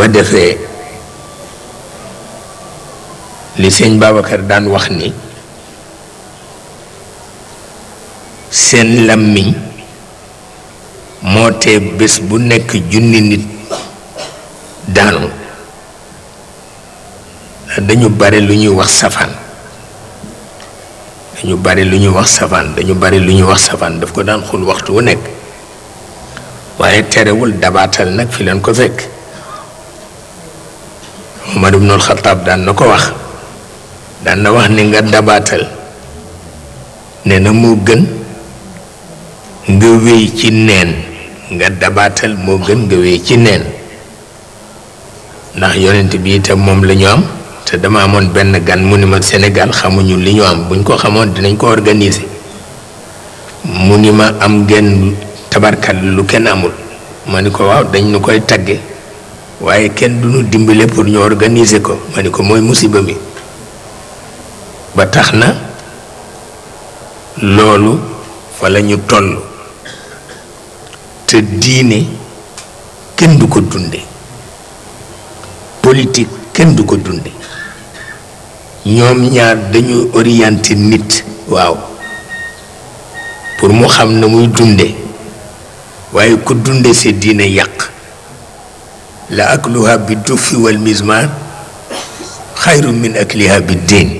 ko defee li seen Babacar daan wax ni seen làmmiñ moo tee bés bu nekk junni nit daanu dañu bare lu ñuy wax safaan dañu bari lu ñuy wax safaan dañu bare lu ñuy wax safaan daf ko daan xul waxtu wu nekk waaye terewul dabaatal nag fi leen ko fekk ma Umar ibnul Xataab daan na ko wax daan na wax ni nga dabaatal nee na moo gën nga wéy ci neen nga dabaatal moo gën nga wéy ci neen ndax yonent bii te moom lañu am te dama amoon benn gan mu ni ma Sénégal xamuñu li ñu am buñ ko xamoon dinañ ko organiser mu ni ma am genn tabarkal lu kenn amul ma ni ko waaw dañ nu koy tagge waaye kenn du ñu dimbale pour ñu organiser ko ma ni ko mooy musiba mi ba tax na loolu fa la ñu te diine kenn du ko dunde politik kenn du ko dunde ñoom ñaar dañu orienté nit waaw pour moo xam na muy dunde waaye ku dunde sa diine yàq la akluha bi dufi wal xayru min akliha bi diin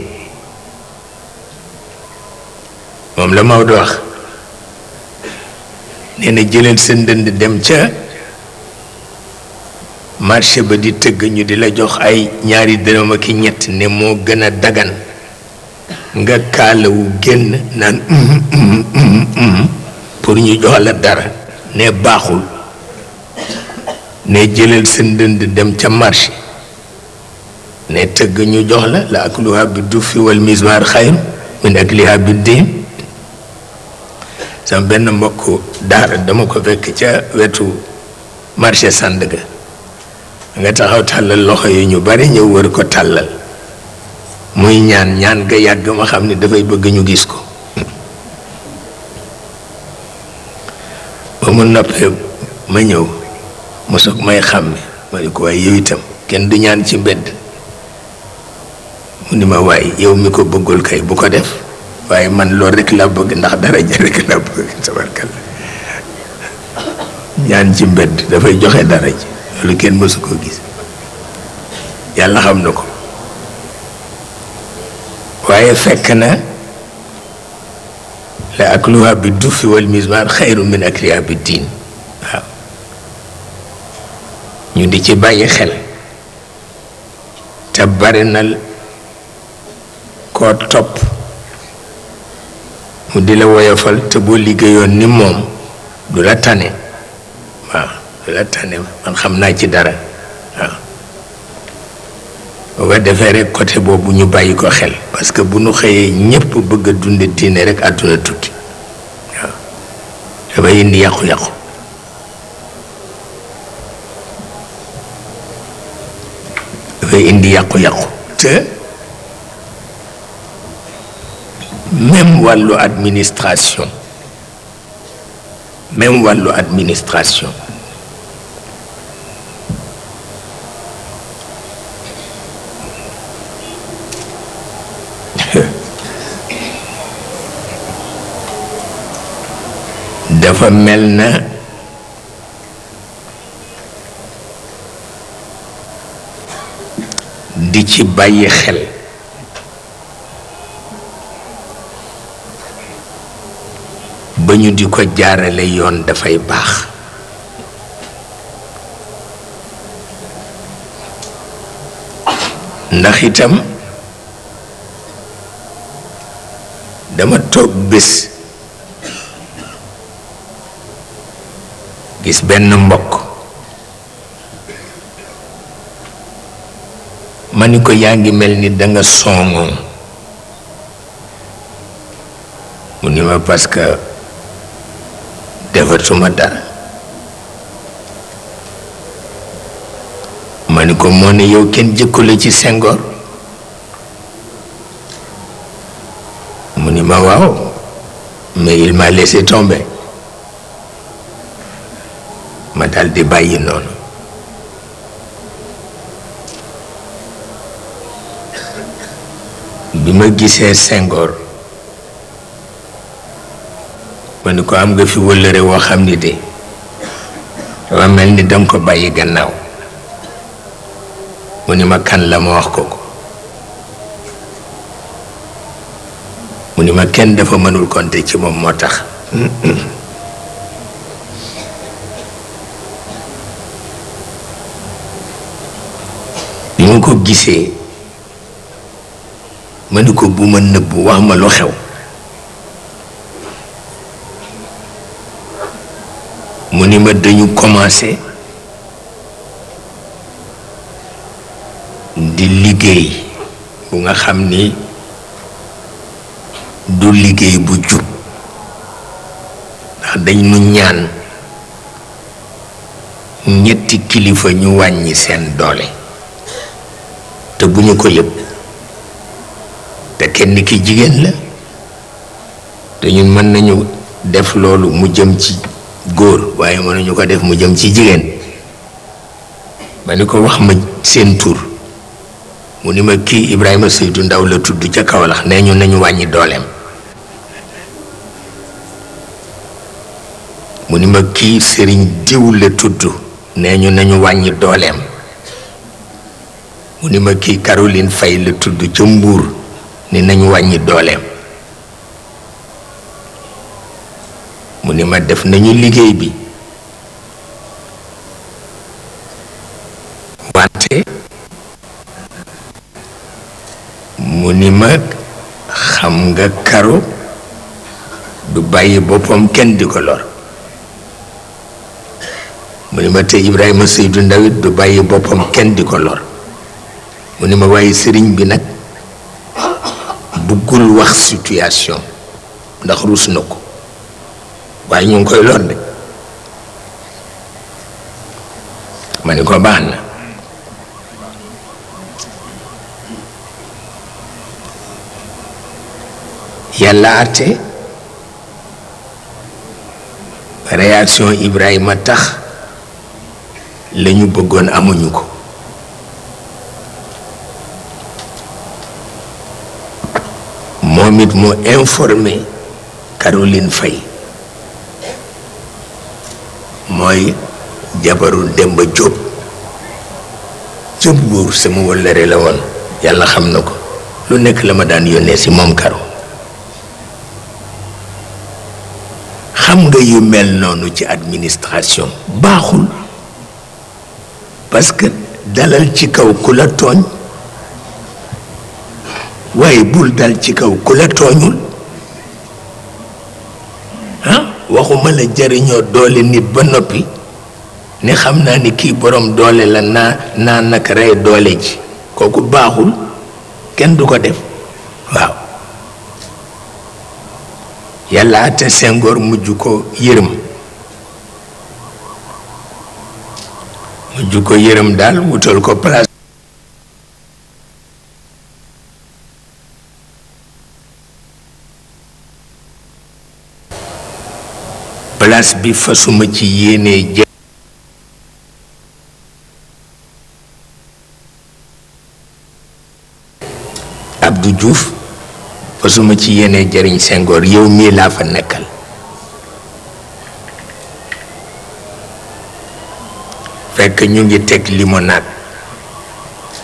moom la Maodo wax nee na jëlal sa ndënd dem ca marché ba di tëgg ñu di la jox ay ñaari dërëm ak ñett ne moo gën a dagan nga kaalawu génn naan pour ñu jox la dara ne baaxul ne jëlal seen ndënd dem ca marché ne tëgg ñu jox la la akluha bi dufi wal mismar xayr min akliha bi diin sama benn mbokk daara dama ko fekk ca wetu marché Sandaga nga taxaw tàllal loxo yi ñu bari ñëw wër ko tàllal muy ñaan ñaan ga yàgg ma xam ne dafay bëgg ñu gis ko ba mu noppee ma ñëw musuk may xamni ma ko waaye yow itam ken du ñaan ci mbedd mu ni ma way yow mi ko bëggul kay bu ko def waaye man loolu rek la bëgg ndax dara daraja rek la bëgg tabarkal ñaan ci mbedd fay joxe dara ci lu ken musuk ko gis yàlla xam nako ko fekk na la akluha bi dufi wal mizmar xayru min akliha bi diin waaw ñu di ci bàyyi xel te bari na koo topp mu di la woyofal te boo liggéeyoon ni moom du la tane waaw du la tane man xam naa ci dara waaw bu ko defee rek côté boobu ñu bàyyi ko xel parce que bu nu xëyee ñépp bëgg a dunde diine rek àdduna tukki waaw dafay indi yàqu-yàqu day indi yàqu-yàqu te même wàllu administration même wàllu administration dafa mel na di ci bàyyi xel ba ñu di ko jaarale yoon dafay baax ndax dama toog bés gis benn mbokk ma ni ko yaa ngi mel ni danga songoon mu ni ma parce que defatuma dara ma ni ko moo ne yow kenn jëkkule ci sengoor mu ni ma waaw mais il m'a laissé tomber ma daal di bàyyi noonu bi ma gisee Senghor ma ni ko am nga fi wëllëre woo xam ni de dafa mel ni danga ko bàyyi gannaaw mu ni ma kan la ma wax ko ko mu ni ma kenn dafa mënul konte ci moom moo tax bi mu ko gisee ma ni ko bu ma nëbb wax ma lu xew mu ni ma dañu commencé di liggéey bu nga xam ni du liggéey bu jub ndax dañ ñaan ñetti kilifa ñu wàññi seen doole te bu ñu ko yëpp te kenn ki jigéen la te ñun mën nañu def loolu mu jëm ci góor waaye mën nañu ko def mu jëm ci jigéen ma ni ko wax ma seen tur mu ni ma kii Ibrahima Seydou Ndaw la tudd ca Kaolack nee ñu nañu wàññi dooleem mu ni ma kii sëriñ diw tudd nee ñu nañu wàññi dooleem mu ni kii Caroline Faye la tudd ca Mbuur ni nañu wàññi dooleem mu ni ma def nañu liggéey bi wante mu ni ma xam nga karo du bàyyi boppam kenn di ko lor mu ni ma te Ibrahima Seydou Ndawit du bàyyi boppam kenn di ko lor mu ni ma waaye sëriñ bi nag bëggul wax situation ndax ruus na ko waaye ñu ngi koy lodde ma ni ko baax na yàlla àtte réaction Ibrahima tax lañu bëggoon amuñu ko moom it mu informé Caroline Faye mooy jabaru Demba Jóob Jóob buur sama wëllëre la woon yàlla xam na ko lu nekk la ma daan yónnee si moom Karo xam nga yu mel noonu ci administration baaxul parce dalal ci kaw ku la tooñ waaye bul dal ci kaw ku la tooñul ah waxuma la jariñoo doole nit ba noppi ne xam naa ni kii borom doole la naa naa naka rey doole ji kooku baaxul kenn du ko def waaw yàlla ate sengoor mujj ko yërëm mujj ko yërëm daal wutal ko place place bi fasuma ci yéenee jël Abdou ci yéenee jëriñ Senghor yow mii laa fa nekkal fekk ñu ngi teg limonaat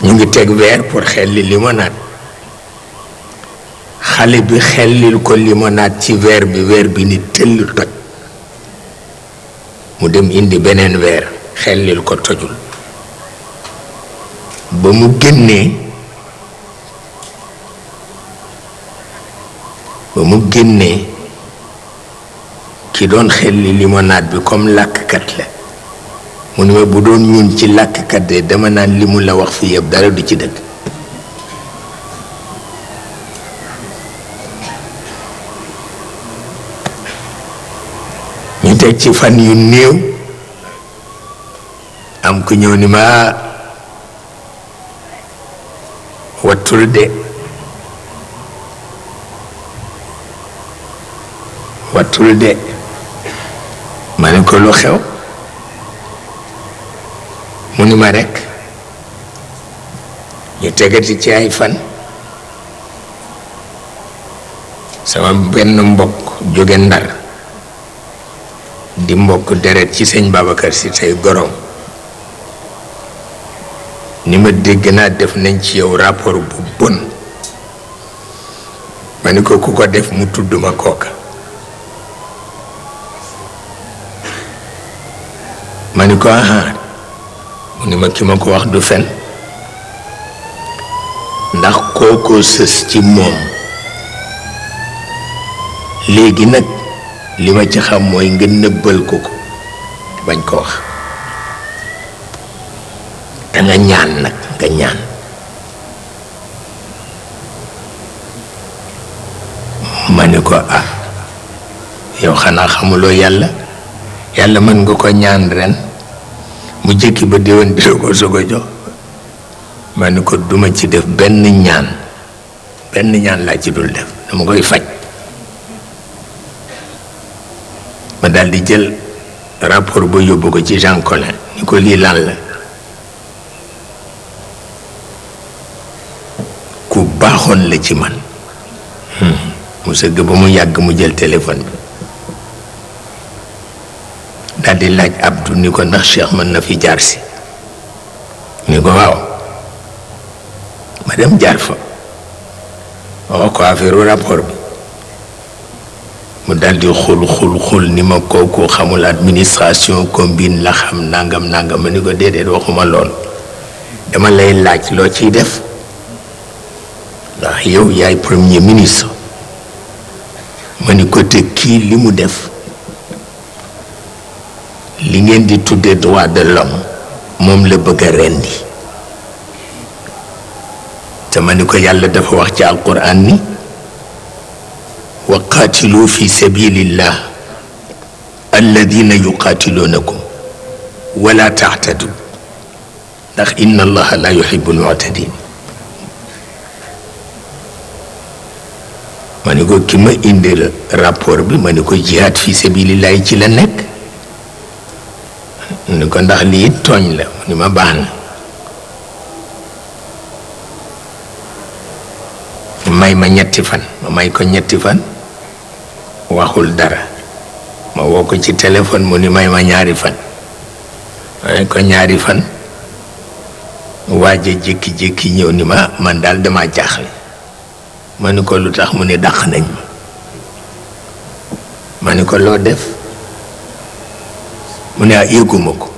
ñu ngi teg verre pour xelli limonade xale bi xellil ko limonade ci verre bi verre bi ni tëll toj mu dem indi beneen weer xellil ko tojul ba mu génnee ba mu génnee ki doon xelli limonade bi comme làkkkat la mu ne ma bu doon ñun ci làkkkat de dama naan li mu la wax fii yëpp dara du ci dëgg ci teg ci fan yu néew am ku ñëw ni ma wattul de wattul de ma ne ko lu xew mu ni ma rekk ñu tegati ci ay fan sama benn mbokk jóge ndar di mbokk deret ci sëñ Babacar si tey gorom ni ma dégg naa def nañ ci yow rapport bu bon ma ni ko ku ko def mu tudd ma kooka ma ni ko ahaa mu ni ma ki ma ko wax du fen ndax kookoo sës ci moom léegi nag li ma ci xam mooy nga nëbbal ko ko bañ koo wax da ñaan nag nga ñaan ma ni ko ah yow xanaa xamuloo yàlla yàlla mën nga ko ñaan ren mu jëkki ba déwén di ko soog a jox ma ni ko duma ci def benn ñaan benn ñaan laa ci dul def dama koy faj daldi jël rapport ba yóbbu ko ci Jean Collin ni ko lii lan la ku baaxoon la ci man hmm. mu sëgg ba mu yàgg mu jël téléphone bi daal laaj Abdou ni ko ndax Cheikh mën na fi jaar si ni ko waaw ma jaar fa wax ko affaire rapport bi mu daldi xul xul xul ni ma kooku xamul administration combine la xam nangam nangam ma ni ko déedéet waxuma lool dama lay laaj loo ciy def ndax yow yaay premier ministre ma ni ko te kii li mu def li ngeen di tuddee droit de l'homme moom la bëgg a rendi te ma ni ko yàlla dafa wax ci alquran ni وقاتلوا في سبيل الله الذين يقاتلونكم ولا تعتدوا إن الله لا يحب المعتدين يقول كيما اندي رابور بي مانيكو جهاد في سبيل الله تي لا من يقول نده لي توغ لا نيما بان ماي ما نياتي فان ماي كو نياتي فان waxul dara ma woo ko ci téléphone mu ni may ma ñaari fan ma ne ko ñaari fan waaja jékki-jékki ñëw ni ma man daal dama jaaxle ma ni ko lu tax mu ni daq nañ ma ma ni ko loo def mu ne ah yëguma ko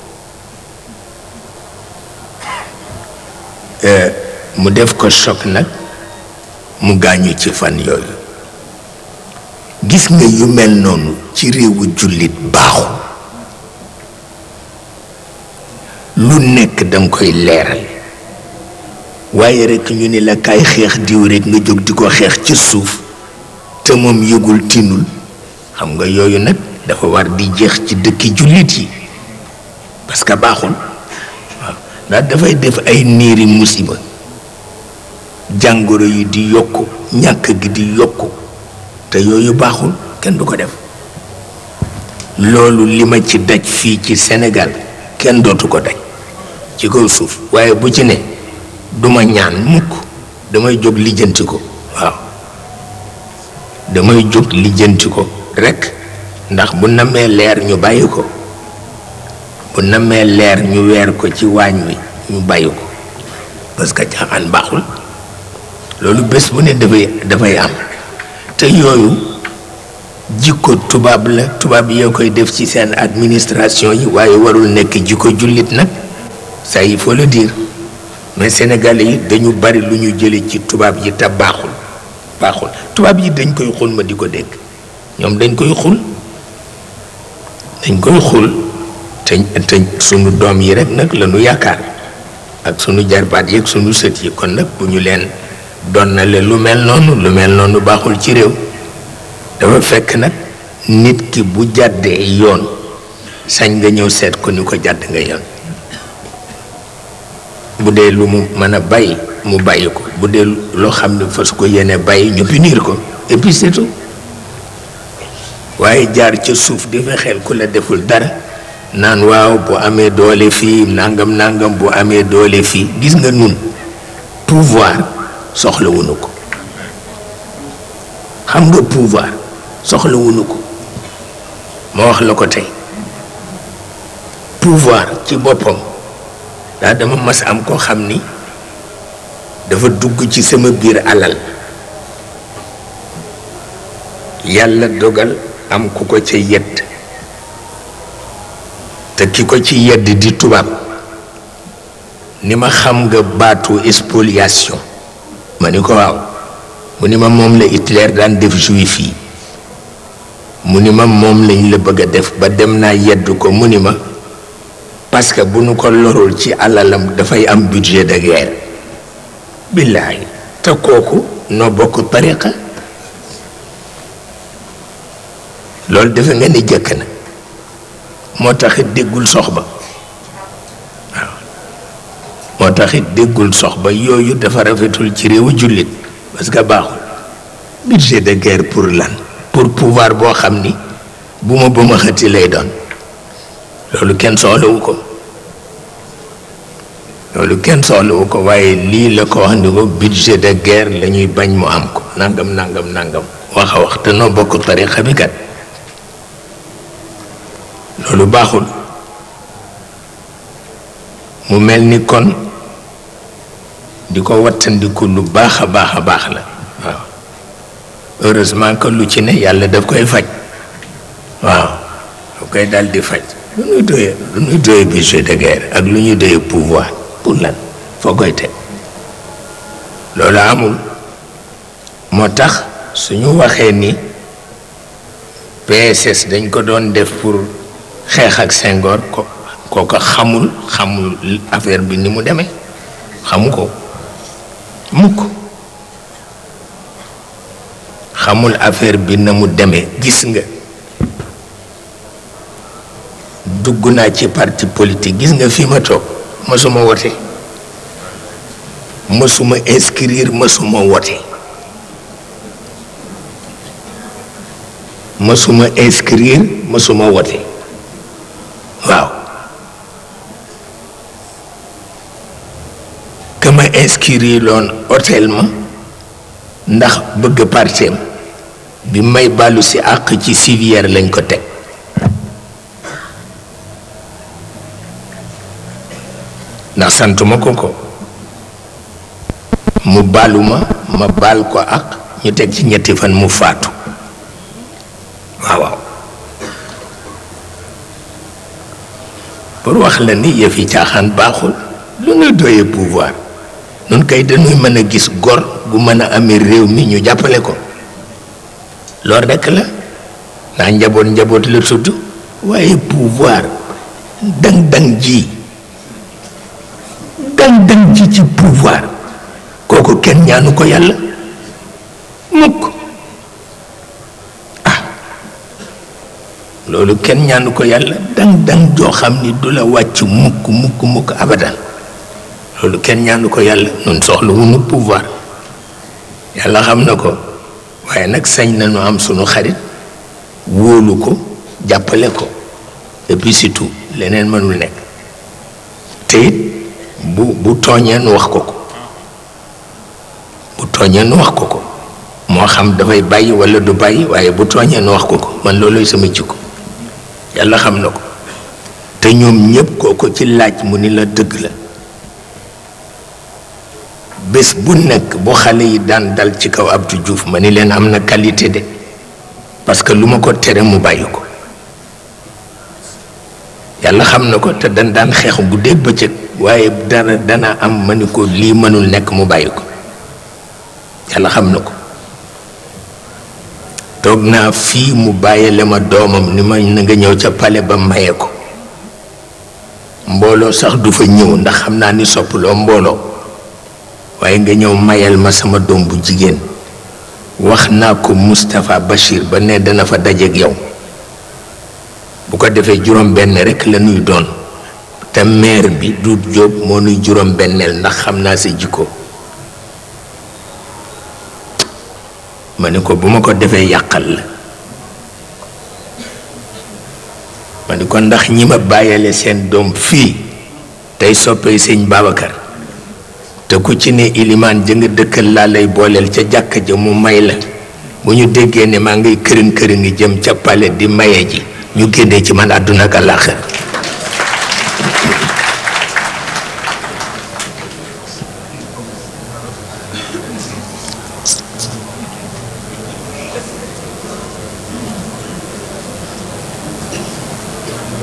eh, mu def ko choc nag mu gaañu ci fan yooyu gis nga yu mel noonu ci réewu jullit baaxu lu nekk danga koy leeral waaye rekk ñu ni la kaay xeex diw rekk nga jóg di ko xeex ci suuf te moom yëgul tinul xam nga yooyu nag dafa war di jeex ci dëkki jullit yi parce que baaxul waaw dafay def ay niiri musiba jàngoro yi di yokk ñàkk gi di yokk te yooyu baaxul kenn du ko def loolu li ma ci daj fii ci Sénégal kenn dootu ko daj ci kaw suuf waaye bu ci ne duma ñaan mukk damay jóg lijjanti ko waaw damay jóg lijjanti ko rekk ndax bu namee leer ñu bàyyi ko bu namee leer ñu weer ko ci waañ wi ñu bàyyi ko parce que baaxul loolu bés bu ne dafay dafay am te yooyu jikko tubaab la tubaab yoo koy def ci seen administration yi waaye warul nekk jikko jullit nag ça il faut le dire mais Sénégalais yi dañu bari lu ñu jële ci tubaab yi te baaxul baaxul tubaab yi dañ koy xul ma di ko dégg ñoom dañ koy xul dañ koy xul te te sunu doom yi rek nag la ñu yaakaar ak sunu jarbaat yi ak sunu sët yi kon nag bu ñu leen doon na le lu mel noonu lu mel noonu baaxul ci réew dafa fekk nag nit ki bu jàddee yoon sañ nga ñëw seet ko ni ko jàdd nga yoon bu dee lu mu mën a bàyyi mu bàyyi ko bu dee loo xam ne fas ko yéene bàyyi ñu punir ko et waaye jaar ca suuf di fexeel ku la deful dara naan waaw bu amee doole fii nangam nangam bu amee doole fii gis nga nun pouvoir soxlawuñu ko xam nga pouvoir soxlawuñu ko ma wax la ko tey pouvoir ci boppam daa dama mas am koo xam ni dafa dugg ci sama biir alal yàlla dogal am ku ko ca yedd te ki ko ci yedd di tubaab ni ma xam nga baatu spoliation ma ni ko waaw mu ni ma moom la Hitler daan def juif yi mu ni ma moom lañ la bëgg a def ba dem naa yeddu ko mu ni ma parce que bu nu ko lorul ci alalam dafay am budget de guerre billaahi te kooku noo bokk tariqa loolu defe nga ni jëkk na moo tax déggul sox ba moo taxit déggul sox ba yooyu dafa rafetul ci réewu jullit parce que baaxul budget de guerre pour lan pour pouvoir boo xam ni bu ma ba ma xëti lay doon loolu kenn soxlawu ko loolu kenn soxlawu ko waaye lii la ko wax ni ko budget de guerre lañuy bañ mu am ko nangam nangam nangam wax a wax te noo bokk tarixa bi loolu baaxul mu mel ni kon di ko wattandiku lu baax a baax a baax la waaw heureusement que lu ci ne yàlla daf koy faj waaw daf koy dal faj lu ñuy doyee ak lu ñuy doyee pouvoir pour lan foo koy teg loolu amul moo tax suñu waxee ni PSS dañ ko doon def pour xeex ak ko kooko xamul affaire bi ni mu demee xamu ko mukk xamul affaire bi na mu demee gis nga dugg naa ci parti politique gis nga fi ma toog mësuma wote mësuma inscrire mësuma wote mësuma inscrire mësuma wote inscrire loon ma ndax bëgg parteem bi may bàllu si àq ci civière lañ ko teg ndax santuma ko ko mu baalu ma ma ko ak ñu teg ci ñetti fan mu faatu waaw waaw pour wax la ni yëf yi caaxaan baaxul lu ñuy doyee pouvoir nun kay dañuy mën a gis gor bu mën a amee réew mi ñu jàppale ko loolu rekk la ndax njaboot njaboot la tudd waaye pouvoir dang-dang ji dang-dang ji ci pouvoir kooku kenn ñaanu ko yàlla mukk ah loolu kenn ñaanu ko yàlla dang-dang joo xam ni du la wàcc mukk mukk mukk abadan loolu kenn ñaanu ko yàlla nun soxla wunu pouvoir yàlla xam na ko waaye nag sañ nañu am sunu xarit wóolu ko jàppale ko te bisitu leneen mënul nekk te it bu bu tooñeen wax ko ko bu tooñeen wax ko ko moo xam dafay bàyyi walla du bàyyi waaye bu tooñeen wax ko ko man loolu loolooy sama jikko yàlla xam na ko te ñoom ñëpp koo ko ci laaj mu ni la dëgg la bu nekk bu xale yi daan dal ci kaw ju juuf ma ni leen am na qualité de parce que lu ma ko tere mu bàyyi ko yàlla xam na ko te dan daan xeex guddeeg bëccëg waaye dara dana am ma lii mënul nekk mu bàyyi ko yàlla xam na ko toog naa fii mu bàyyile ma doomam ni ma na nga ñëw ca pale ba maye ko mbooloo sax du fa ñëw ndax xam naa ni soppaloo mbooloo waaye nga ñëw mayal ma sama doom bu jigéen wax naa ko mustafa Bachir ba ne dana fa dajeeg yow bu ko defee juróom benn rekk la nuy doon te maire bi Doudou Diop moo nuy juróom benneel ndax xam naa sa jikko ma ne ko bu ma ko defee yàqal la ma ne ko ndax ñi ma bàyyale seen doom fii tey soppee sëñ Babacar te ku ci ne ilimaan jëng dëkkal laa lay booleel ca jàkk ja mu may la bu ñu déggee ne maa ngiy këriñ këriñ ngi jëm ca pale di maye ji ñu génnee ci man àdduna ak àllaaxir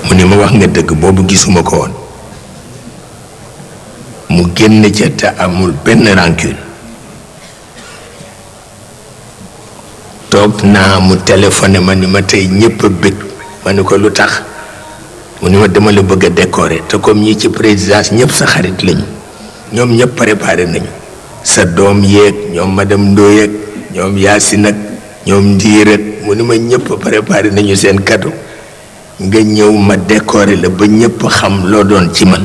mu ne ma wax nga dëgg boobu gisuma ko woon mu génn ca te amul benn rancune toog naa mu téléphoné ma ni ma tey ñépp a ma ni ko lu tax mu ni ma dama la bëgg a te comme ñi ci présidence ñëpp sa xarit lañu ñoom ñëpp préparé nañu sa doom yeeg ñoom madame Ndoye ak ñoom Yacine ñoom Ndiirët mu ni ma ñëpp préparé nañu seen cadeau nga ñëw ma décorer la ba ñëpp xam loo doon ci man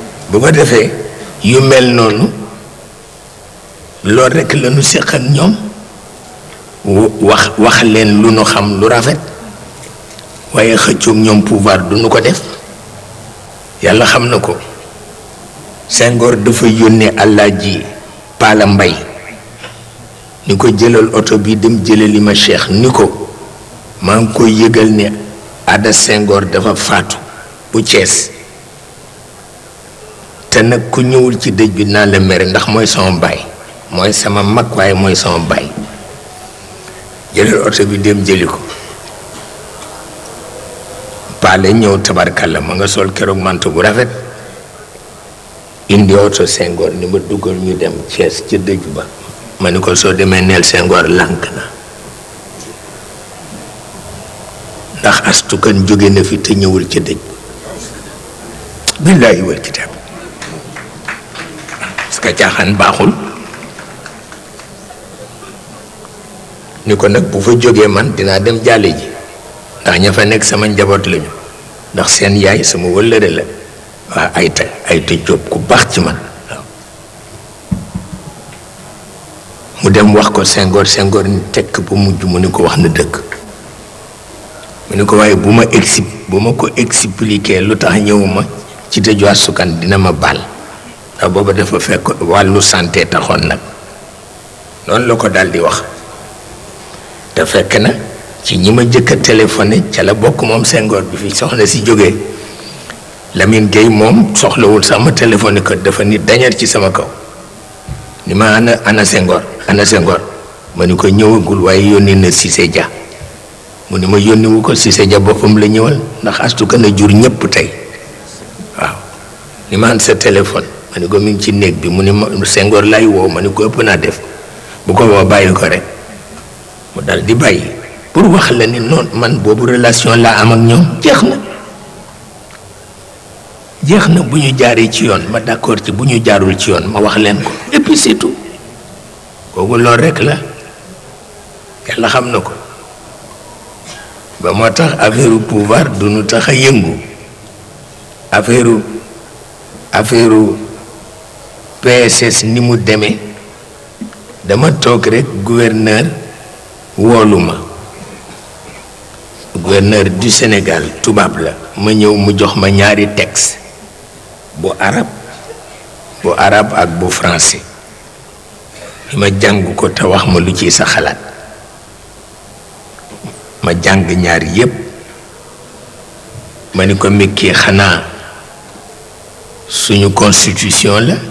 bu ko defee yu mel noonu loolu rekk lañu séq ak ñoom wax wax leen lu nu xam lu rafet waaye xëccoog ñoom pouvoir du nu ko def yàlla xam na ko Senghor dafa yónnee Alaaji Paala Mbay ni ko jëlal oto bi dem jëlali ma Cheikh ni ko maa ngi koy yëgal ne Ada Senghor dafa faatu bu Cees te nag ku ñëwul ci dëj bi naa la mere ndax mooy sama baay mooy sama mag waaye mooy sama baay jëlal oto bi dem jëli ko paale ñëw tabarkalla ma nga sol keroog manto bu rafet indi oto sengoor ni ma duggal ñu dem Cees ca dëj ba ma ni ko soo demee neel sengoor lànk na ndax astukan jóge na fi te ñëwul ca dëj ba billaahi wal kitaab ka caaxaan baxul ni ko nak bu fa joge man dina dem jàlle ji ndax ña fa nek sama njabot lañu ndax sen yaay sama wëllëre la ta ay ta job ku bax ci man mu dem wax ko sengor sengor ni tekk ba mujj mu ni ko wax na dëkk mu ni ko waaye bu ma ko expliquer lutax ñewuma ci tëjuwaat sukkan dina ma bal ndax booba dafa fekk wàllu sante taxoon nag noonu la ko daal di wax te fekk na ci ñi ma jëkk a téléphoné ca la bokk moom sengoor bi fi soxla si jógee Lamine Gueye moom soxlawul sama téléphoné ko dafa ni dañar ci sama kaw ni ma ana ana Senghor ana Senghor ma ni ko ñëwagul waaye yónni na Cissé Dia mu ni ma yónni wu ko Cissé Dia boppam la ñëwal ndax astu gën a jur ñëpp tey waaw ni ma an sa téléphone ma ni ko mi ngi ci néeg bi mu ni ma sengoor lay woo ma ni ko ëpp naa def bu ko woo bàyyi ko rek mu dal di bàyyi pour wax la ni noonu man boobu relation laa am ak ñoom jeex na jeex na bu ñu jaari ci yoon ma d'accord ci bu ñu jaarul ci yoon ma wax leen ko et kooku loolu rek la yàlla xam na ko ba moo tax affaire pouvoir du ñu tax a yëngu affaire affaire pss ni mu démé dama tok rek gouverneur woluma ma gouverneur du sénégal tubaab la ma ñew mu jox ma ñaari texte bu arab bo arab ak bo français ma jang ko tawah wax ma lu ci sa xalat ma jang ñaar yépp ma ni ko suñu constitution la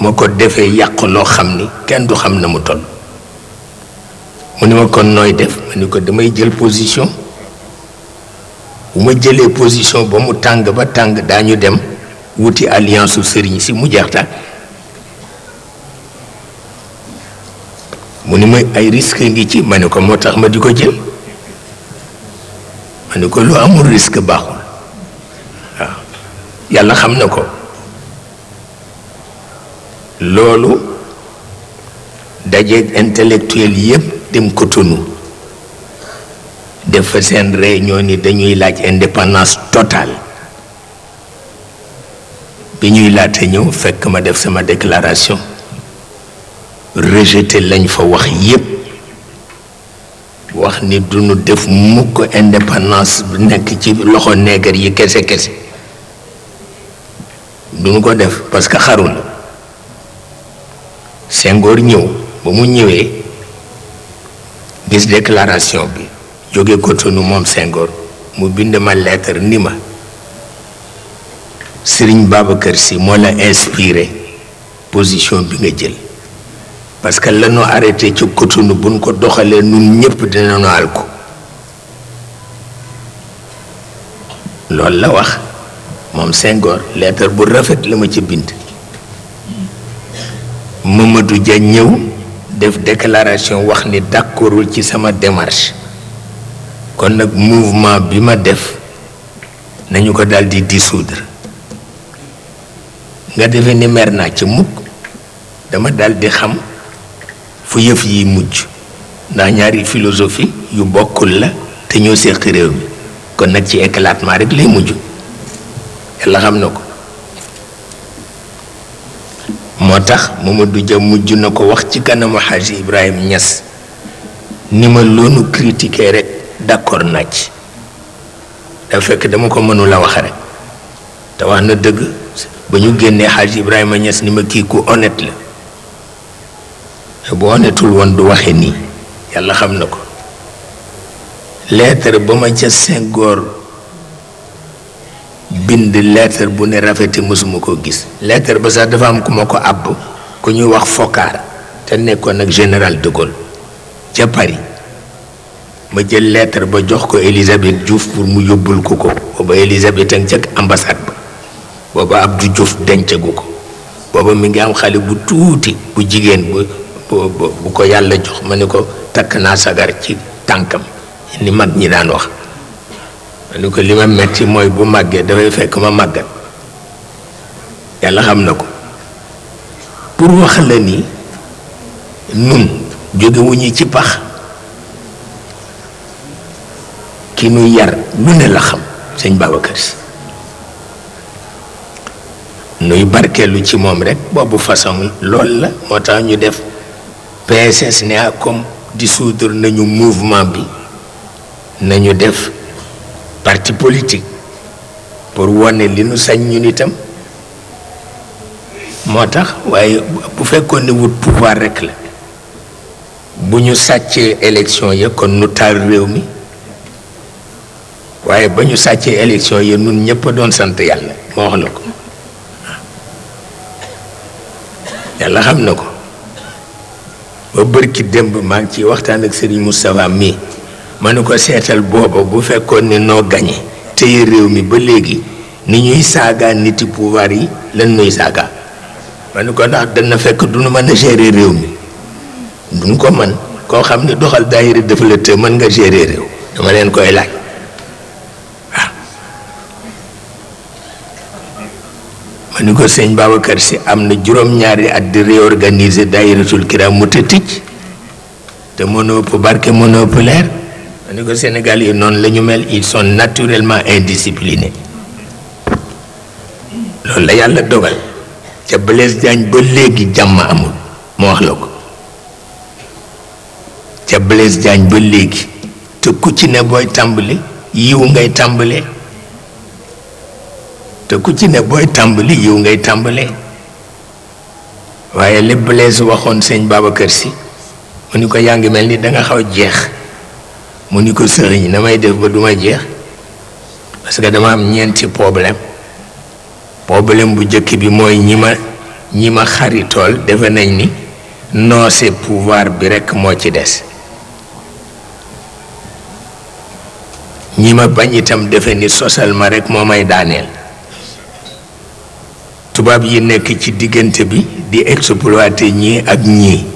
bu ma ko defee yàq noo xam ni kenn du xam na mu toll mu ma kon nooy def ma ni ko damay jël position bu ma jëlee position ba mu tàng ba tàng daañu dem wuti alliance su sëriñ si mu jeextaan mu ni ma ay risque ngi ci ma ni ko moo tax ma di ko jël ma ko lu amul risque baaxul waaw yàlla xam na ko loolu dajeeg intellectuel yépp dem ko tunu def fa seen réunion ni dañuy laaj indépendance total bi ñuy laata ñëw fekk ma def sama déclaration rejeté lañu fa wax yépp wax ni duñu def mukk indépendance nekk ci loxo néegar yi kese kese duñu ko def parce que xaru Senghor ñëw ba mu ñëwee gis déclaration bi jóge Cotonou moom Senghor mu bind ma leetar ni ma Serigne Babacar Sy moo la inspiré position bi nga jël parce que lañu arrêté ci Cotonou buñ ko doxalee nun ñépp dina naal ko loolu la wax moom Senghor lettre bu rafet la ma ca bind Mamadou ja ñëw def déclaration wax ni d'accordul ci sama démarche kon nag mouvement bi ma def nañu ko daal di dissoudre nga defee ni mer naa ci mukk dama daal di xam fu yëf yi mujj ndax ñaari philosophie yu bokkul la te ñoo séq réew mi kon nag ci éclatement rek lay mujj yàlla xam na ko moo tax du Dia mujj na ko wax ci kanamu Hadj Ibrahim Niass ni ma loonu critiquer rek d'accord naa ci da fekk dama ko mënula wax rek te wax na dëgg ba ñu génnee Hadj Ibrahima Niass ni ma kii ku honnête la bu honnêtul woon du waxe nii yàlla xam na ko lettre ba ma seen Senghor bind lettre bu ne rafete mësuma koo gis lettre ba sax dafa am ku ma ko àbb ku ñuy wax Foccart te nekkoon ak général de Gaulle ma jël lettre ba jox ko Élisabeth Diouf pour mu yóbbul ko ko booba Élisabeth a ngi ca ambassade ba booba Abdou Diouf dencagu ko booba mi ngi am xale bu tuuti bu jigéen bu bu ko yàlla jox ma ne ko takk naa sagar ci tànkam ni mag ñi daan wax ma ko li ma metti mooy bu màggee dafay fekk ma màggat yàlla xam na ko pour wax la ni nun jógewuñu ci pax ki nu yar lu ne la xam sëñ Babacar Si nuy barkeelu ci moom rek boobu façon lool la moo tax ñu def PSS ne comme dissoudre nañu mouvement bi nañu def parti politique pour wane li nu sañ ñun itam moo tax waaye bu fekkoon ne wut pouvoir rek la bu ñu sàccee élection ya kon nu taal réew mi waaye ba ñu sàccee élection ya nun ñëpp doon sant yàlla moo wax la ko yàlla xam na ko ba bërki démb maa ngi ciy waxtaan ak Serigne Moustapha mii ma ne ko seetal booba bu fekkoon ne noo gañe téye réew mi ba léegi ni ñuy saaga niti pouvoir yi lan nuy saaga ma ne ko ndax dana fekk du nu mën a réew mi duñ ko man koo xam ne doxal daayira dafa la te mën nga gérer réew dama leen koy laaj waaw ma ni ko sëñ Babacar si am na juróom-ñaari at di réorganiser daayiratul kiram mu te ticc te mënoo ëpp barke mënoo ma ne ko Sénégal yi noonu la ñu mel ils sont naturellement indisciplinés loolu la yàlla dogal ca Blaise Diagne ba léegi jàmm amul ma wax la ko ca Blaise Diagne ba léegi te ku ci ne booy tàmbali yiw ngay tàmbalee te ku ci ne booy tàmbali yiw ngay tàmbalee waaye li Blaise waxoon sëñ kër si mu ni ko yaa ngi mel ni danga xaw jeex mu ni ko sëriñ damay def ba duma jeex parce que dama am ñeenti problème problème bu jëkk bi mooy ñi ma ñi ma xaritool defe nañ ni noose pouvoir bi rekk moo ci des ñi ma bañ itam defe ni sosal ma rekk moo may daaneel tubaab yi nekk ci diggante bi di exploiter ñii ak ñii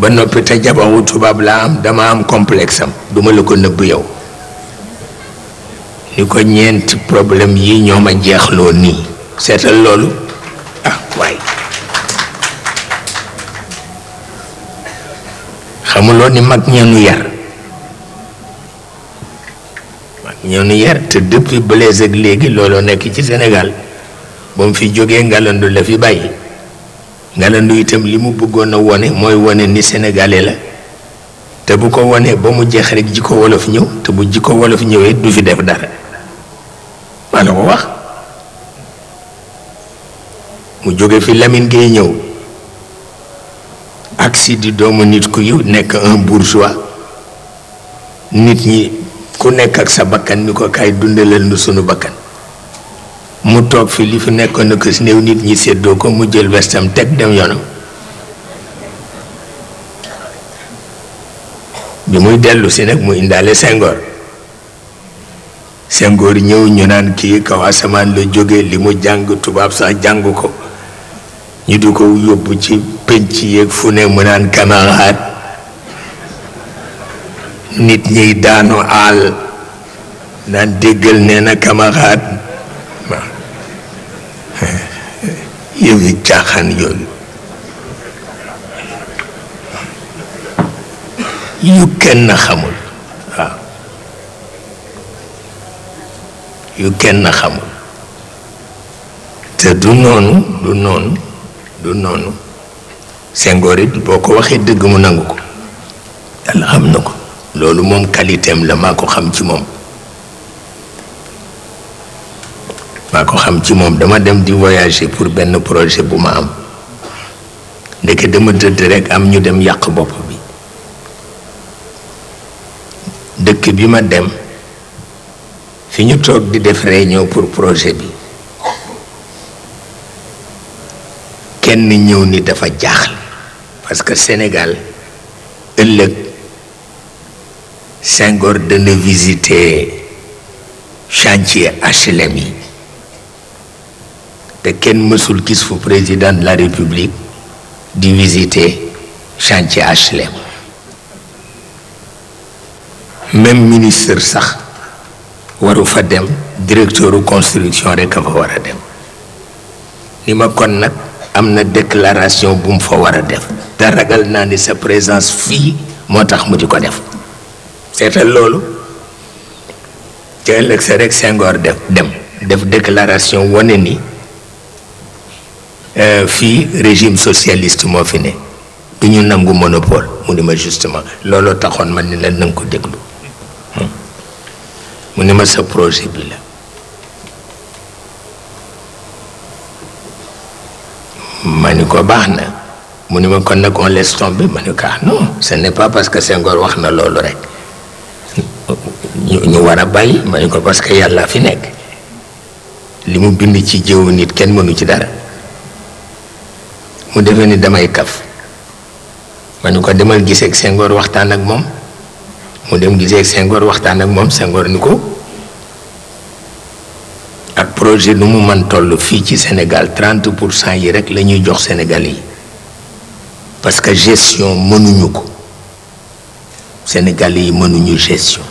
ba noppi te jabawu tubaab laa am dama am complexe duma la ko nëbb yow ñu ko ñeent problème yi ñoo ma jeexloo nii seetal loolu ah waay xamuloo ni mag ñeenu yar mag ñeenu yar te depuis Blaise ak léegi looloo nekk ci senegal ba mu fi jógee ngalandu la fi bàyyi Ngalandu itam li mu bëggoon a wone mooy wone ni sénégalais la te bu ko wonee ba mu jeex ji ko wolof ñëw te bu jikko wolof ñëwee du fi def dara maa la ko wax mu jóge fi Lamine Gueye ñëw aksi di doomu nit ku yiw nekk un nit ñi ku nekk ak sa bakkan ni ko kaay dundalal nu sunu bakkan mu toog fi li fi nekkoon na ko si néew nit ñi séddoo ko mu jël westam teg dem yoonam bi muy dellu si nag mu indaale sengoor sengoor ñëw ñu naan kii kaw asamaan la jóge li mu jàng tubaab sax jàng ko ñu di ko yóbbu ci penc yeeg fu ne mu naan kanaxaat nit ñiy daanu aal naan déggal nee na kamaxaat yëwi caaxaan yooyu yu kenn xamul waaw yu kenn xamul te du noonu du noonu du noonu Senghor boo ko waxee dëgg mu nangu ko yàlla xam na ko loolu moom qualité la maa ko xam ci moom maa ko xam ci moom dama dem di voyager pour benn projet bu ma am ndeke dama tëdd rekk am ñu dem yàq bopp bi dëkk bi ma dem fi ñu toog di def réunion pour projet bi kenn ñëw ni dafa jaaxle parce que Sénégal ëllëg Senghor dana visiter chantier HLM yi te kenn mësul gis fu président de la république di visiter chantier HLM même ministre sax waru fa dem directeur construction rek a fa war a dem ni ma kon nag am na déclaration bu mu fa war a def te ragal naa ni sa présence fii moo tax mu di ko def seetal loolu ca ëllëg sa rek Senghor def dem def déclaration wone ni Euh, fi régime socialiste mo fi ne nangu monopole mu ni ma justement Lolo taxone man ni la nang ko deglu hmm. mu ni ma sa projet bi la ma ni ko mu ni ma kon nag on laisse tomber manuka. Ah non ce n'est pas parce que Senghor wax na lolo. rek ñu wara a bàyyi parce que yalla fi nek limu bind ci jëw nit kenn mënu ci dara mu defee ni damay kaf ma ni ko demal gisee ak un waxtaan ak moom mu dem gisee ak Senghor waxtaan ak moom Senghor ni ko ak projet nu mu man toll fii ci Sénégal 30% pour cent yi rek la ñuy jox Sénégal yi parce que gestion mënuñu ko Sénégal yi mënuñu gestion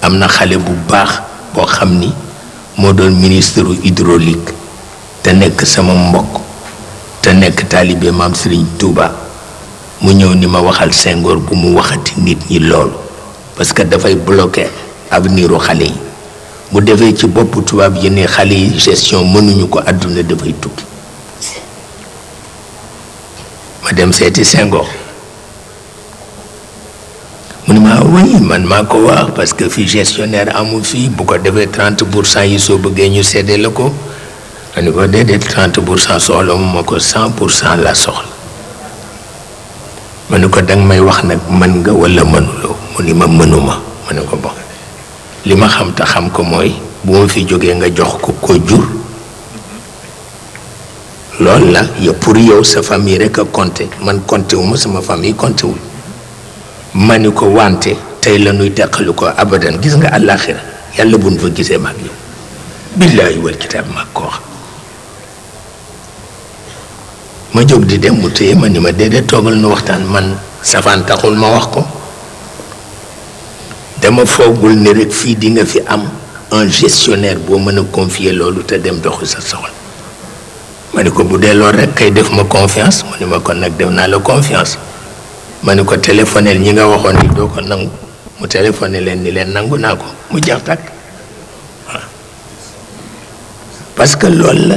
am na xale bu baax boo xam ni moo doon ministre hydraulique te nekk sama mbokk te nekk taalibe maam Serigne Touba mu ñëw ni ma waxal sengoor bu mu waxati nit ñi loolu parce que dafay bloqué aveniru xale yi bu defee ci boppu tubaab yi ne xale yi gestion mënuñu ko àdduna dafay tukki ma dem seeti Senghor mu ne ma oui man maa ko wax parce que fii gestionnaire amul fii bu ko defee trente pour cent yi soo bëggee ñu seddee la ko ma ni ko déedéet trente pour cent soxla mu ma ko cent pour cent la soxla ma ni ko danga may wax nag man nga walla mënuloo mu ni ma mënuma ma ni ko bon li ma xam te xam ko mooy bu ma fi jógee nga jox ko ko jur lool la yow pour yow sa fami rek a compté man compté wu ma sama famille compté wul ma ni ko wante tey la ñuy teqalu ko abadan gis nga àllaaxira yàlla buñ fa gisee mag yow billaahi wal kitaab mag koo xam ma jóg di dem mu téye ma ni ma déedéet toogal nu waxtaan man safaan taxul ma wax ko dama foogul ni rek fii di fi am un gestionnaire boo mën a confier loolu te dem doxu sa soxla ma ni ko bu dee lool rek kay def ma confiance mu ni ma kon nag def naa la confiance ma ni ko téléphoneel ñi nga waxoon ni doo ko nangu mu téléphoné leen ni leen nangu naa ko mu jax takk parce que loolu la.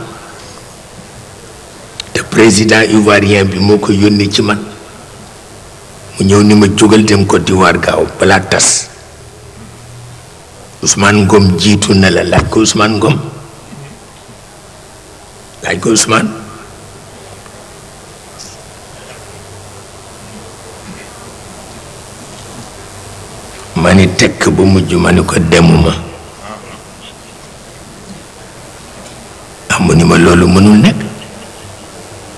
président ivoirien bi moo ko yónni ci man mu ñëw ni ma jógal dem ko d'Ivoire gaaw balaa tas Ousmane Ngom jiitu na la laaj ko Ousmane Ngom laaj ko Ousmane ma ni tekk ba mujj ma ni ko demu demuma amu ah, ni ma loolu mënul nekk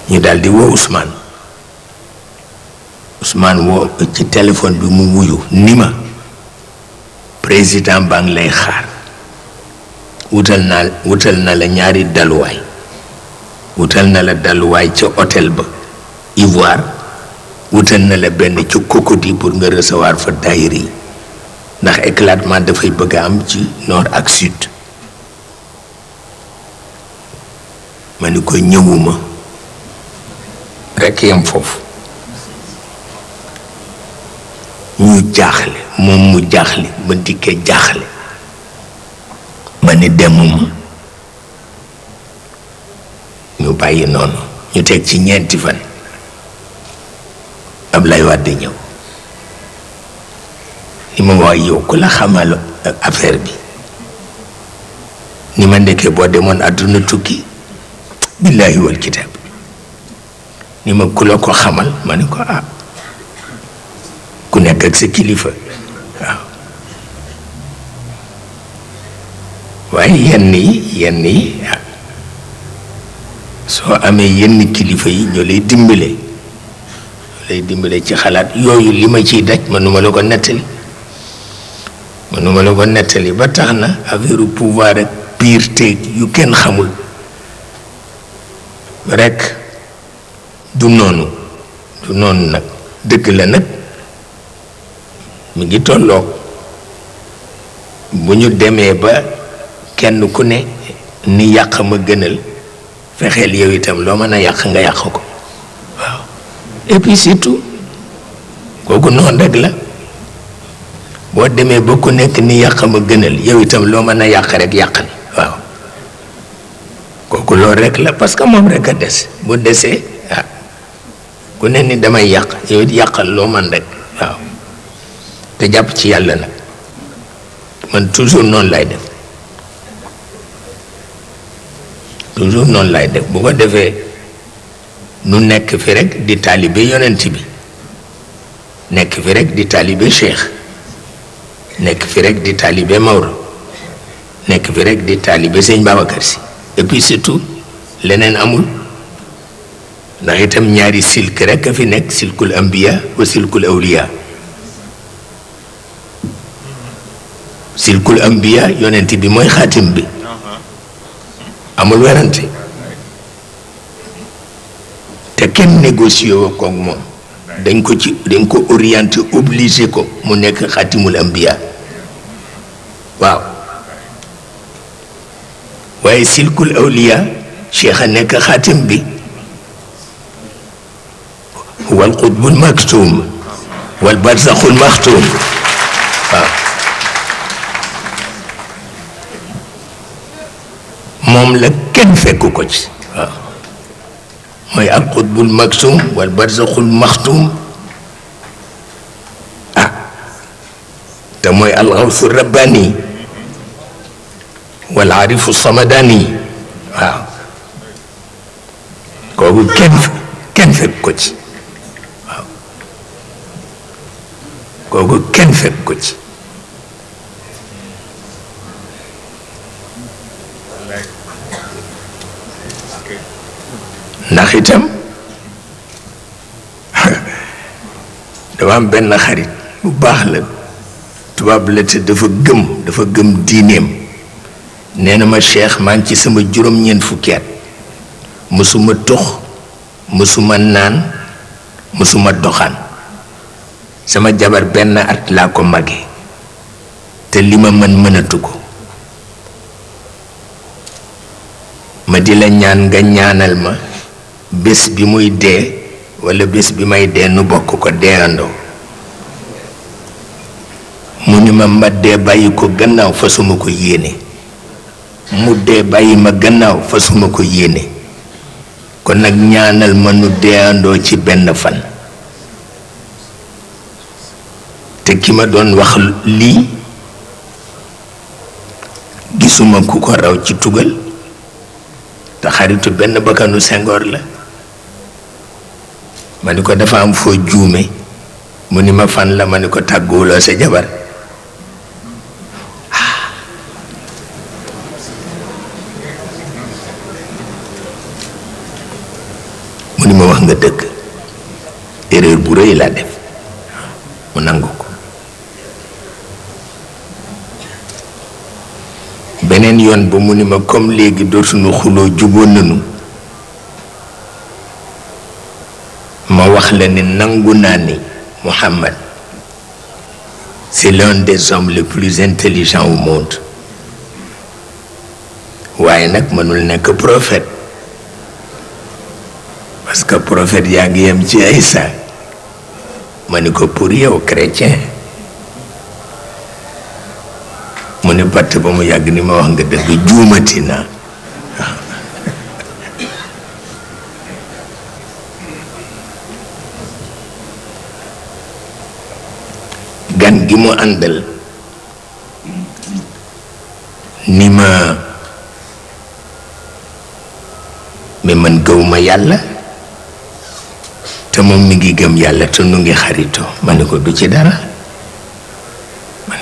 ñu daldi woo Ousmane Ousmane woo ci téléphone bi mu wuyu ni ma président baa ngi lay xaar wutal naa wutal na la ñaari daluwaay wutal na la daluwaay ca otel ba Ivoire wutal na la benn ci Cocody pour nga recevoir fa daayira yi ndax éclatement dafay bëgg a am ci noor ak sud ma ni ko ñëwuma rekk yam foofu ñu jaaxle moom mu jaaxle ma dikkee jaaxle ma ni demuma ñu bàyyi noonu ñu teg ci ñeenti fan Ablaye Wade ñëw ni ma wax yow ku la xamal affaire bi ni ma ndekkee boo demoon àdduna tukki billaahi wal kitaab ni ma ku la ko xamal ma ni ko ah ku nekk ak sa kilifa waaw waaye yenn yi yenn yi ah, soo amee yenn kilifa yi ñoo lay dimbale ñoo lay dimbale ci xalaat yooyu li ma ciy daj mënuma la ko nettali mënuma la ko nettali ba tax na affaire pouvoir ak piir yu kenn xamul rekk du noonu du noonu nag dëgg la nag mu ngi tolloog bu ñu demee ba kenn ku ne ni yàq ma gënal fexeel yow itam loo mën a yàq nga yàq ko waaw et puis surtout kooku noonu rekk la boo demee ba ku nekk ni yàq ma gënal yow itam loo mën a yàq rek yàq ni waaw kooku loolu rek la parce que moom rek a des bu desee ku ne ni damay yàq yow it yàqal loo man rek waaw te jàpp ci yàlla nag man toujours noonu lay def toujours noonu laay def bu ko defee nu nekk fi rek di taalibe yonent bi nekk fi rek di taalibe cheikh nekk fi rek di taalibe Maodo nekk fi rek di taalibe sëñ Babacar si et puis surtout leneen amul ndax itam ñaari silk rekk a fi nekk silkul ambiya wa silkul awliya silkul ambiya yonent bi mooy xaatim bi amul werante te kenn négocié woo koog moom dañ ko ci dañ ko orienté obligé ko mu nekk xaatimul ambiya waaw waaye silkul awliya cheikh a nekk xaatim bi والقدم المكتوم والبرزخ المختوم آه. موم لا كان فيكو كوتش آه. مي القدم المكتوم والبرزخ المختوم آه. تموي الغوث الرباني والعارف الصمداني كوكو كنف كان فيكو كوتش kooku kenn fekk ko ci ndax itam dafa am benn xarit bu baax la tubaab la te dafa gëm dafa gëm diineem nee na ma cheikh maa ngi ci sama juróom-ñeent fukki at mësuma tux mësuma naan mësuma doxaan sama jabar benn at laa ko màggee te li ma mën mënatu ko ma di la ñaan nga ñaanal ma bés bi muy dee walla bés bi may dee nu bokk ko deeandoo mu ni ma ma dee bàyyi ko gannaaw fasuma ko yéene mu dee bàyyi ma gannaaw fasuma ko yéene kon nag ñaanal ma nu deeandoo ci benn fan te ki ma doon wax lii gisuma ku ko raw ci tugal te xaritu benn bakkanu sengoor la ma ni ko dafa am foo juume mu ni ma fan la ma ni ko tàgguwuloo sa jabar mu ni ma wax nga dëgg erreur bu rëy laa def mu nangu ko beneen yoon ba mu ni ma comme léegi dootuñu xuloo nanu ma wax la ni nangu naa ni Muhammad c'est l'un des hommes les plus intelligents au monde waaye nag mënul nekk prophète parce que prophète yaa ngi yem ci Isa ma ni ko pour yow chrétien mu ne patt ba mu yàgg ni ma wax nga dëgg juumati naa gan gi mu àndal ni ma mais man gëwuma yàlla te moom mi ngi gëm yàlla te nu ngi xaritoo ma ne ko du ci dara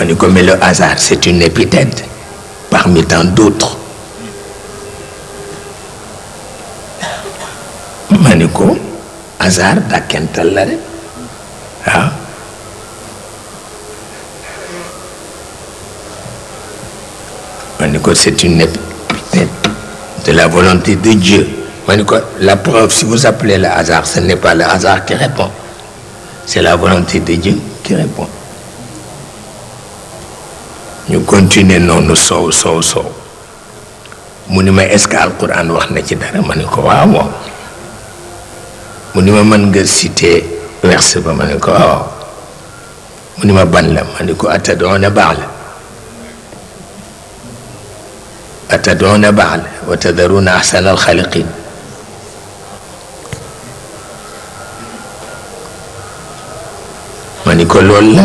On le hasard, c'est une épithète parmi tant d'autres. Maniko, hasard ah. Maniko, c'est une épithète de la volonté de Dieu la preuve si vous appelez le hasard ce n'est pas le hasard qui répond c'est la volonté de Dieu qui répond ñu continuer nonu soow soow soow mu ni ma est ce alcorane wax na ci dara mané ko waaw mo mu ni ma man nga cité verset ba mané ko waaw mu ni ma ban la mané ko atadona ba'la atadona ba'la wa tadaruuna ahsana al khaliqin mané ko lol la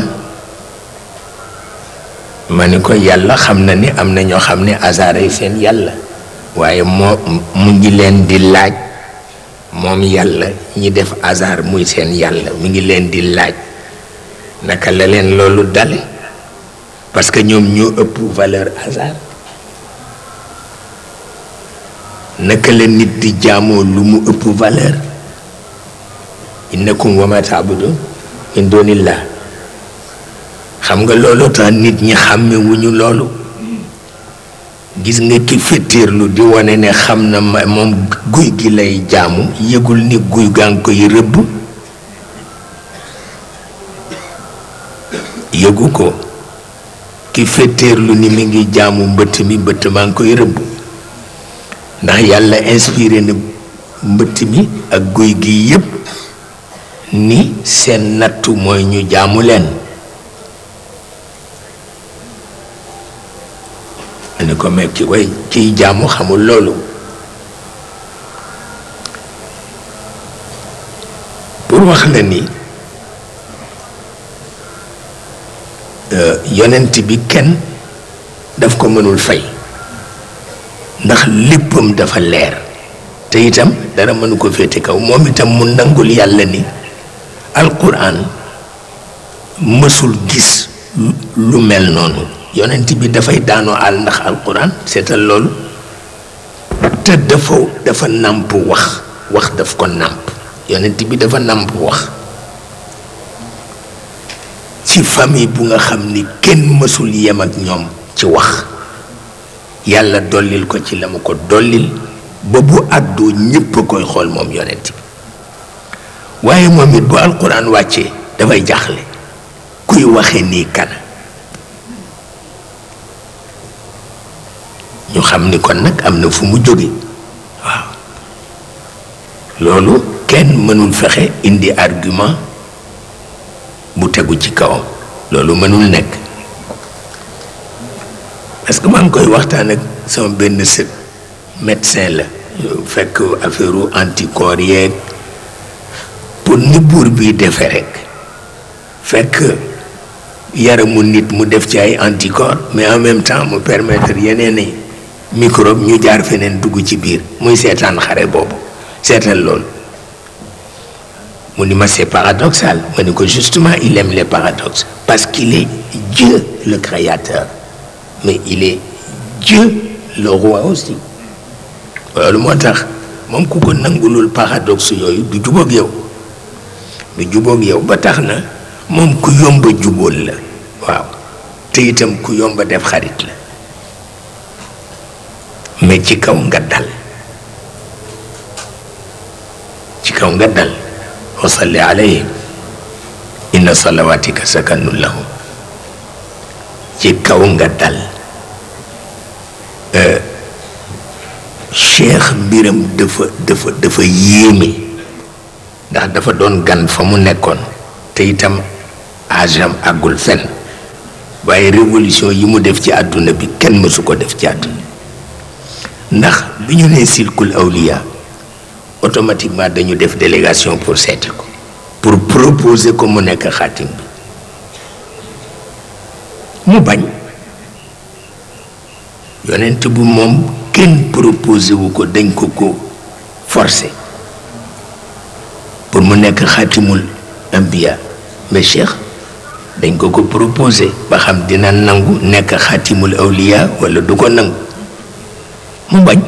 ma ni ko yàlla xam na ni am na ñoo xam ne asaare seen yàlla waaye moo mu ngi leen di laaj moom yàlla ñi def hasard muy seen yàlla mu ngi leen di laaj naka la leen loolu dale parce que ñoom ñoo ëpp valeur hasard naka la nit di jaamoo lu mu ëpp valeur innakum wa ma taabudun min dunillah xam nga loolu tax nit ñi xàmme wuñu loolu gis nga ki fettiirlu di wone ne xam na ma moom guy gi lay jaamu yëgul ni guy gaa ngi koy rëbb yëgu ko ki fettiirlu ni mi ngi jaamu mbëtt mi mbëtt maa ngi koy rëbb ndax yàlla inspiré na mbëtt mi ak guy gi yépp ni seen nattu mooy ñu jaamu leen ne ko mais ki way kiy jamu xamul loolu pour wax la ni euh yonent bi ken daf ko meunul fay ndax léppam dafa leer te itam dara meun ko fete kaw mom itam mu nangul yàlla ni alquran mësul gis lu mel nonou yonent bi dafay daanoo àll ndax alquran seetal loolu te dafa dafa nàmp wax wax daf ko nàmp yonent bi dafa nàmp wax ci famille bu nga xam ni kenn mësul yem ak ñoom ci wax yàlla dollil ko ci la mu ko dollil ba bu àddoo ñépp a koy xool moom yonent bi waaye moom it bu alquran wàccee dafay jaaxle kuy waxe nii kan ñu xam ni kon nag am na fu mu jóge waaw loolu kenn mënul fexe indi argument bu tegu ci kawam loolu mënul nekk parce que maa ngi koy waxtaan ak sama benn sët médecin la fekk affaire u anticorps pour ni buur bi defe rek fekk yaramu nit mu def ci ay anticorps mais en même temps mu permettre yeneen yi microbe ñu jaar feneen dugg ci biir muy seetaan xare boobu seetal loolu mu ni ma c'est paradoxal ma que justement il aime les paradoxes parce qu'il est Dieu le créateur mais il est Dieu le roi aussi loolu moo tax moom ku ko nangulul paradoxe yooyu du jubóog yow du jubóog yow ba tax na moom ku yomba jubóol la waaw te itam ku def xarit la ci kaw nga dal ci kaw nga dal wa salli alayhim inna salawatika sakanun lahum ci kaw nga dal euh, cheikh mbiram dafa dafa dafa yéeme ndax dafa doon gan fa mu nekkoon te itam agam àggul fenn waaye révolution yi mu def ci àdduna bi kenn mësu ko def ci àdduna ndax bi ñu nee silkul awliya automatiquement dañu def délégation pour seeti ko pour proposer ko mu nekk xaatim bi mu bañ yonent bu moom kenn proposé wu ko dañ ko ko forcé pour mu nekk xaatimul ambiya mais cheikh dañ ko ko proposé ba xam dina nangu nekk xaatimul awliya walla du ko nangu mu bañ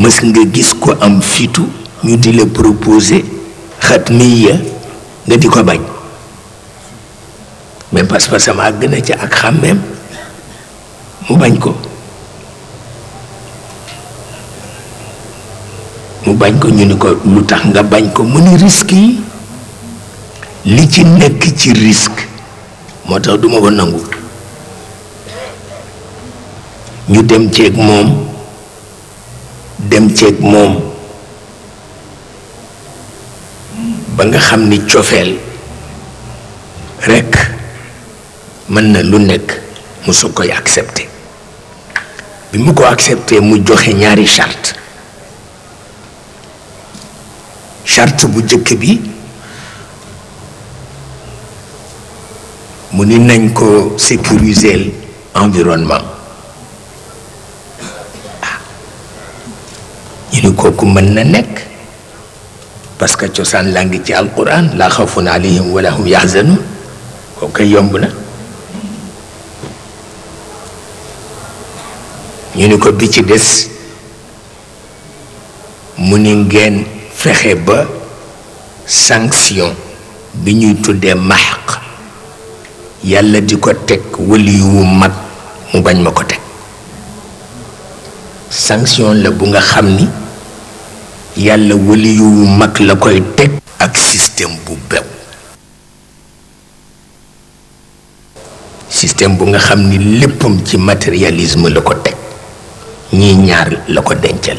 mës nga gis ko am fitu ñu di la proposé xatmiya nga di ko bañ mais pas-pasam àgg na ci ak xàmmeem mu bañ ko mu bañ ko ñu ni ko lu tax nga bañ ko mu ni risque yi li ci nekk ci risque moo tax duma ma ko nangu ñu dem ceeg moom dem ceeg moom ba nga xam ni cofeel rekk mën na lu nekk mu su koy accepté bi mu ko accepté mu joxe ñaari charte charte bu jëkk bi mu ni nañ ko sécuriser environnement ah. ñu ni kooku mën na nekk parce que cosaan laa ngi ci alquran laa xawfun alayhim wala hum yaxzanun kooku yomb na ñu ni ko bi ci des mu ni ngeen fexe ba sanction bi ñuy tuddee maxq yàlla di ko teg wëli wu mag mu bañ ma ko teg sanction la bu nga xam ni yàlla wëli wu mag la koy teg ak système bu bew système bu nga xam ni léppam ci matérialisme la ko teg ñi ñaar la ko dencal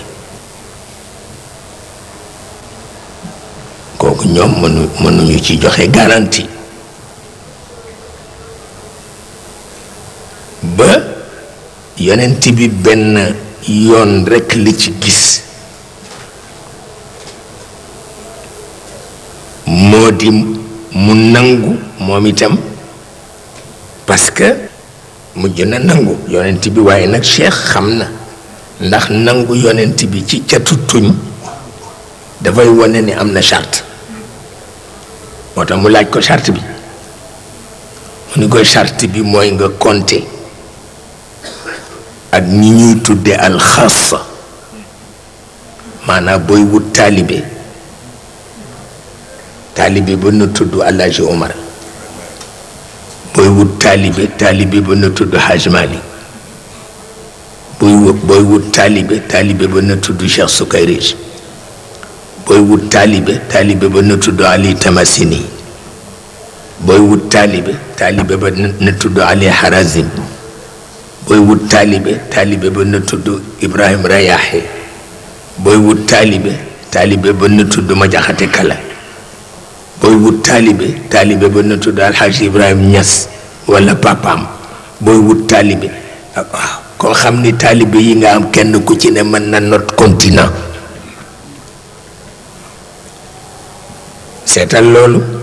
kooku ñoom mënu mënuñu ci joxe garanti ba yonent bi benn yoon rekk li ci gis moo di mu nangu moom itam parce que mujj na nangu yonent bi waaye nag cheikh xam na ndax nangu yonent bi ci catu tuñ dafay wane ni am na chart moo tax mu laaj ko charte bi mu ni ko charte bi mooy nga compter ak ñi ñuy tudde alxaasa maanaam booy wut taalibe taalibe ba na tudd Alaaji Omar booy wut taalibe taalibe ba na tudd Haj Mali wut booy wut taalibe taalibe ba na tudd Cheikh Sukayrij booy wut taalibe taalibe ba na tudd Ali Tamasini booy wut taalibe taalibe ba na tudd Ali Harazim booy wut taalibe taalibe ba na tudd Ibrahim Rayaaxe booy wut taalibe taalibe ba na tudd ma jaxate kala booy wut taalibe taalibe ba na tudd Alxaaji Ibrahim Ñas wala papaam booy wut taalibe ah, koo xam ni taalibe yi nga am kenn ku ci ne mën na not continent seetal loolu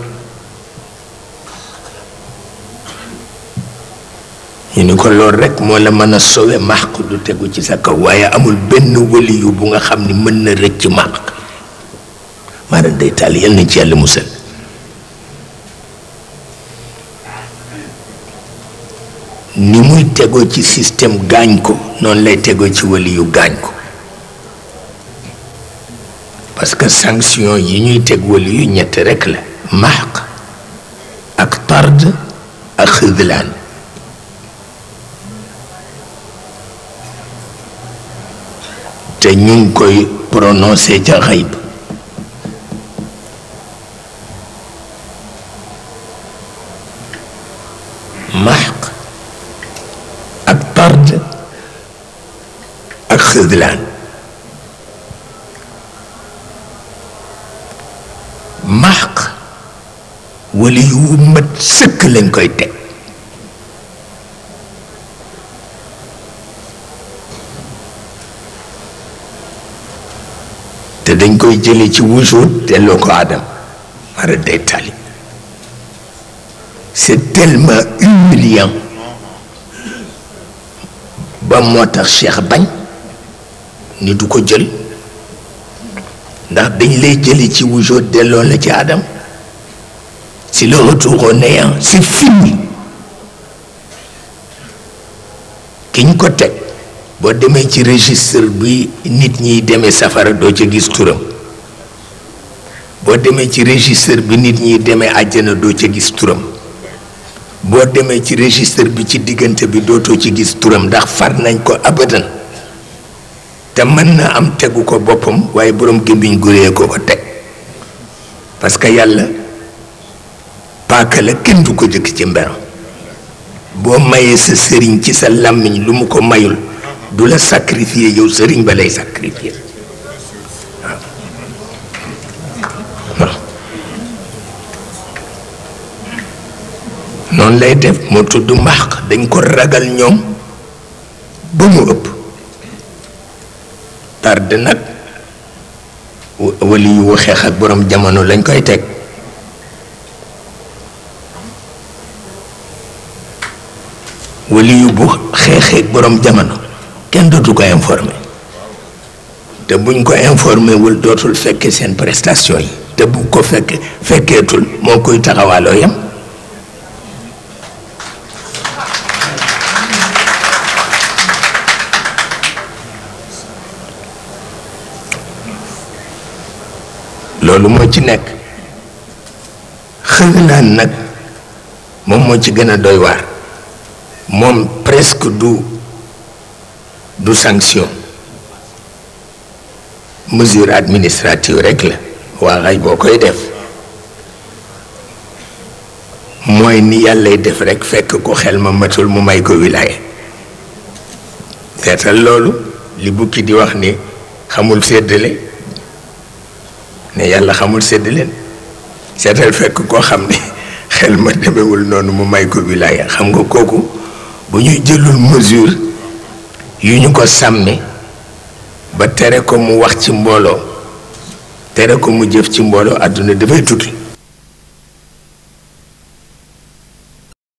ñu ni ko loolu rek moo la mën a sowe maxq du tegu ci sa kaw waaye amul benn waliyu bu nga xam ni mën na rëcc maxq maanaam day taal yal nañ ci yàlla musal ni muy tegoo ci système gaañ ko noonu lay tegoo ci waliyu gaañ ko parce que sanction yi ñuy teg waliyu ñett rek la maxq ak tard ak xidlaan te ñu ngi koy prononcé ca xayb maq ak tard ak xëdlaan maq wali yu mat sëkk lañ koy teg koy jële ci wujud delloo ko Adam mara day tali c'est tellement humiliant ba motax Cheikh bagn ni du ko jël ndax dañ lay jële ci wujud delloo la ci Adam c'est le retour au néant c'est fini kiñ ko tek bo demee ci registre bi nit ñi demee safara do ci gis touram boo demee ci registre bi nit ñi demee àjjana doo ca gis turam boo demee ci registre bi ci diggante bi dootoo ci gis turam ndax far nañ ko abadan te mën na am tegu ko boppam waaye boroom gémmiñ guree ko ko teg parce que yàlla paaka la kenn du ko jëkk ci mberam boo mayee sa sëriñ ci sa làmmiñ lu mu ko mayul du la sacrifier yow sëriñ ba lay sacrifier noonu lay def mu tudd mbaax dañ ko ragal ñoom ba mu ëpp tarde nag wali yu xeex ak borom jamono lañ koy teg wali yu bu xeexee borom jamono kenn dootu ko informé te buñ ko informé wul dootul fekkee seen prestation yi te bu ko fekkee fekkeetul moo koy taxawaaloo yam ci nekk xëglaan nag moom moo ci gën a doy waar moom presque du du sanction mesure administrative rek la waa xay boo koy def mooy ni yàllay def rek fekk ko xel ma matul mu may ko wilaaye seetal loolu li bukki di wax ni xamul séddale ne yàlla xamul sedd leen seetal fekk koo xam ne xel ma demewul noonu mu may ko wilaaya xam nga kooku bu ñuy jëlul mesure yu ñu ko sàmme ba tere ko mu wax ci mbooloo tere ko mu jëf ci mbooloo àdduna dafay tuuti